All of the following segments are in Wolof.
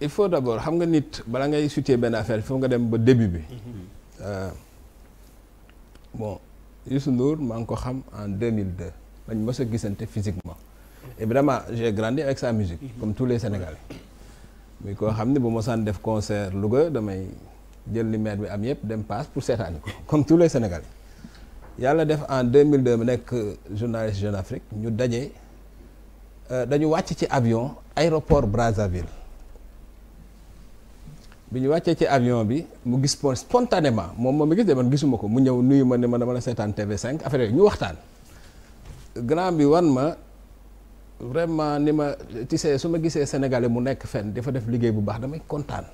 il faut d'abord xam nga nit bala ngay sutee benn affaire il faut nga dem ba début bi euh, bon Youssou maa ngi ko xam en mille 2002 lañ mës a gisante physiquement évidemment j'ai grandi avec sa musique mhm. comme tous les Sénégalais muy koo xam ne bu mosaan def concert Louga damay jël li maire bi am yëpp dem paas pour seetaani ko comme tous les Sénégalais yàlla def en deux mille 2002 mu nekk journaliste Jeune Afrique ñu daje euh, dañu wàcc ci avion aéroport Brazzaville bi ñu wàccee ci avion bi mu gis po spontanément moom moom mi gis de man gisuma ko mu ñëw nuyu ma ne ma dama la seetaan TV5 affaire yooyu ñu waxtaan grand bi wan ma vraiment ni ma tisse su ma gisee sénégalais mu nekk fenn dafa def liggéey bu baax damay kontaan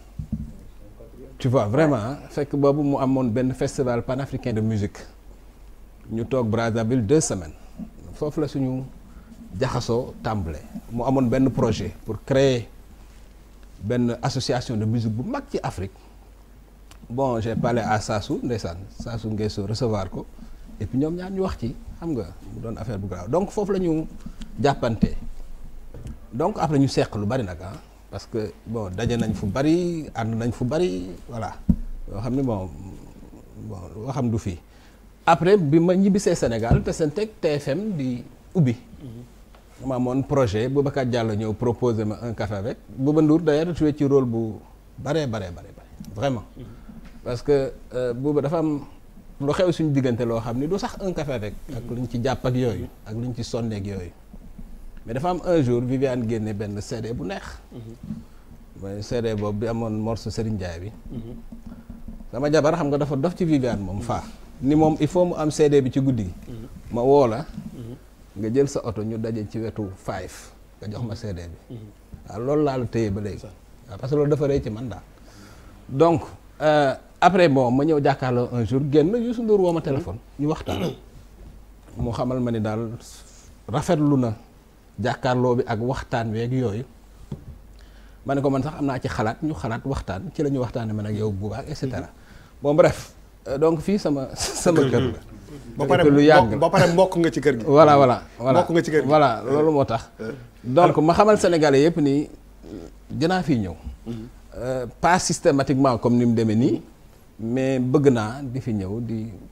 tu vois vraiment fekk boobu mu amoon benn festival panafricain de musique ñu toog Brazzaville deux semaines foofu la suñu jaxasoo tàmbale mu amoon benn projet pour créer benn association de musique bu mag ci Afrique bon j'ai parlé à Sassou ndeysaan Sassou Nguesso recevoir ko et puis ñoom ñaar ñu wax ci xam nga mu doon affaire bu grave donc foofu la ñu jàppante donc après ñu seq lu bari nag ah parce que bon daje nañ fu bari ànd nañ fu bari voilà yoo xam ne bon xam waxam du fii après bi ma ñibbisee Sénégal te seen teg TFM di ubbi. Mhm. ma amoon projet Boubacar Diallo ñëw proposé ma un café avec Bouba Ndour d'ailleurs joué ci bu bare bare bare vraiment parce que euh, Bouba dafa am lu xew suñu diggante loo xam ni du sax un café avec ak lu ñu ci jàpp ak yooyu ak ñu ci sonne ak yooyu mais dafa am un jour Viviane génne benn CD bu neex mooy CD boobu bi amoon morse Serigne Ndiaye bi sama jabar xam nga dafa dof ci Viviane moom faa ni moom il faut mu am CD bi ci guddi gi ma woo la nga jël sa oto ñu daje ci wetu five nga jox ma CD bi mhm. waaw loolu laa téye ba léegi waaw parce que loolu dafa rëy ci man daal donc euh, après bon ma ñëw jàkkaarloo un jour génn Youssou Ndour woo ma téléphone mhm. ñu waxtaan mu xamal ma ni daal rafetlu na jàkkaarloo bi ak waxtaan weeg yooyu ma ne ko man sax am naa ci xalaat ñu xalaat waxtaan ci la ñu waxtaanee man ak yow bu baax et cetera mhm. bon bref euh, donc fii sama sama kër la ba pare lu yàgg ba pare mbokk nga ci kër gi. voilà voilà mbokk nga ci kër voilà loolu moo tax. donc ma xamal sénégalais yëpp nii dinaa fi ñëw. Mhm. Euh, pas systématiquement comme ni mu demee nii mais bëgg naa di fi ñëw di.